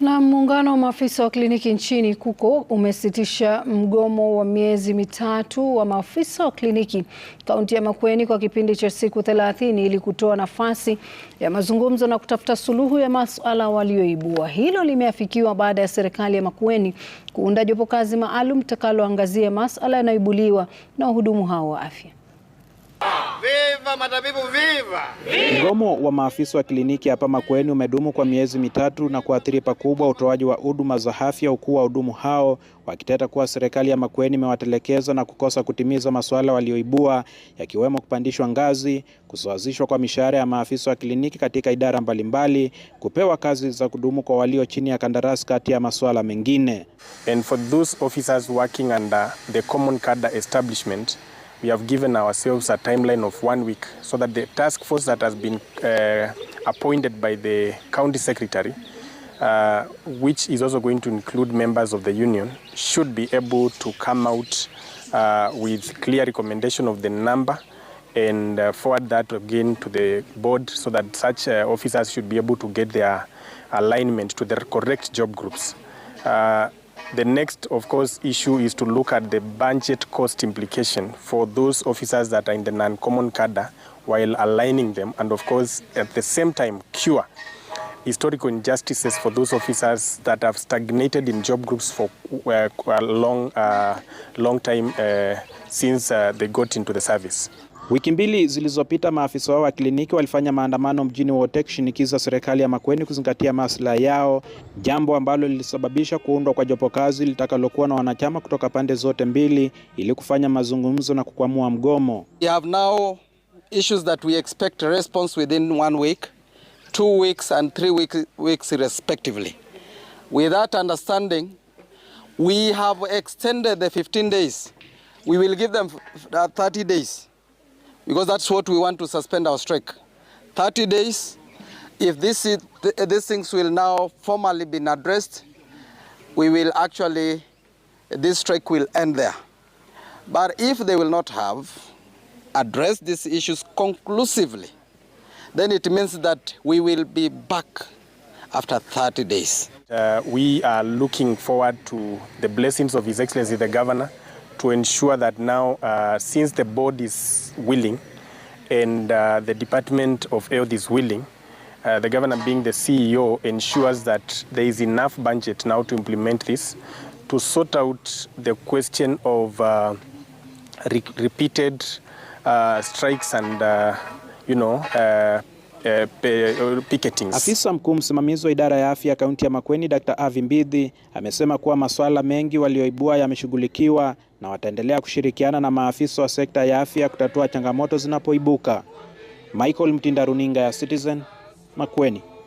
Na muungano wa maafisa wa kliniki nchini KUCO umesitisha mgomo wa miezi mitatu wa maafisa wa kliniki kaunti ya Makueni kwa kipindi cha siku 30 ili kutoa nafasi ya mazungumzo na kutafuta suluhu ya masuala walioibua. Hilo limeafikiwa baada ya serikali ya Makueni kuunda jopo kazi maalum takaloangazia masuala yanayoibuliwa na wahudumu hao wa afya. Viva matabibu viva! Mgomo wa maafisa wa kliniki hapa Makueni umedumu kwa miezi mitatu na kuathiri pakubwa utoaji wa huduma za afya, huku wahudumu hao wakiteta kuwa serikali ya Makueni imewatelekeza na kukosa kutimiza masuala walioibua yakiwemo kupandishwa ngazi, kusawazishwa kwa mishahara ya maafisa wa kliniki katika idara mbalimbali, kupewa kazi za kudumu kwa walio chini ya kandarasi, kati ya masuala mengine. And for those officers working under the common cadre establishment we have given ourselves a timeline of one week so that the task force that has been uh, appointed by the county secretary, uh, which is also going to include members of the union, should be able to come out uh, with clear recommendation of the number and uh, forward that again to the board so that such uh, officers should be able to get their alignment to their correct job groups. Uh, The next, of course, issue is to look at the budget cost implication for those officers that are in the non-common cadre while aligning them and, of course, at the same time, cure historical injustices for those officers that have stagnated in job groups for a uh, long, uh, long time uh, since uh, they got into the service. Wiki mbili zilizopita maafisa wao wa kliniki walifanya maandamano mjini Wote shinikiza serikali ya Makueni kuzingatia maslahi yao, jambo ambalo lilisababisha kuundwa kwa jopo kazi litakalokuwa na wanachama kutoka pande zote mbili ili kufanya mazungumzo na kukwamua mgomo. We have now issues that we expect a response within one week, two weeks and three weeks, weeks respectively. With that understanding, we have extended the 15 days. We will give them 30 days. because that's what we want to suspend our strike. 30 days, if this is, these things will now formally be addressed, we will actually, this strike will end there. But if they will not have addressed these issues conclusively, then it means that we will be back after 30 days. Uh, we are looking forward to the blessings of His Excellency the Governor to ensure that now uh, since the board is willing and uh, the Department of Health is willing uh, the governor being the CEO ensures that there is enough budget now to implement this to sort out the question of uh, re repeated uh, strikes and uh, you know uh, uh, uh Afisa mkuu msimamizi wa idara ya afya kaunti ya Makueni Dr. Avi Mbidhi amesema kuwa masuala mengi walioibua yameshughulikiwa na wataendelea kushirikiana na maafisa wa sekta ya afya kutatua changamoto zinapoibuka. Michael Mtinda, runinga ya Citizen, Makueni.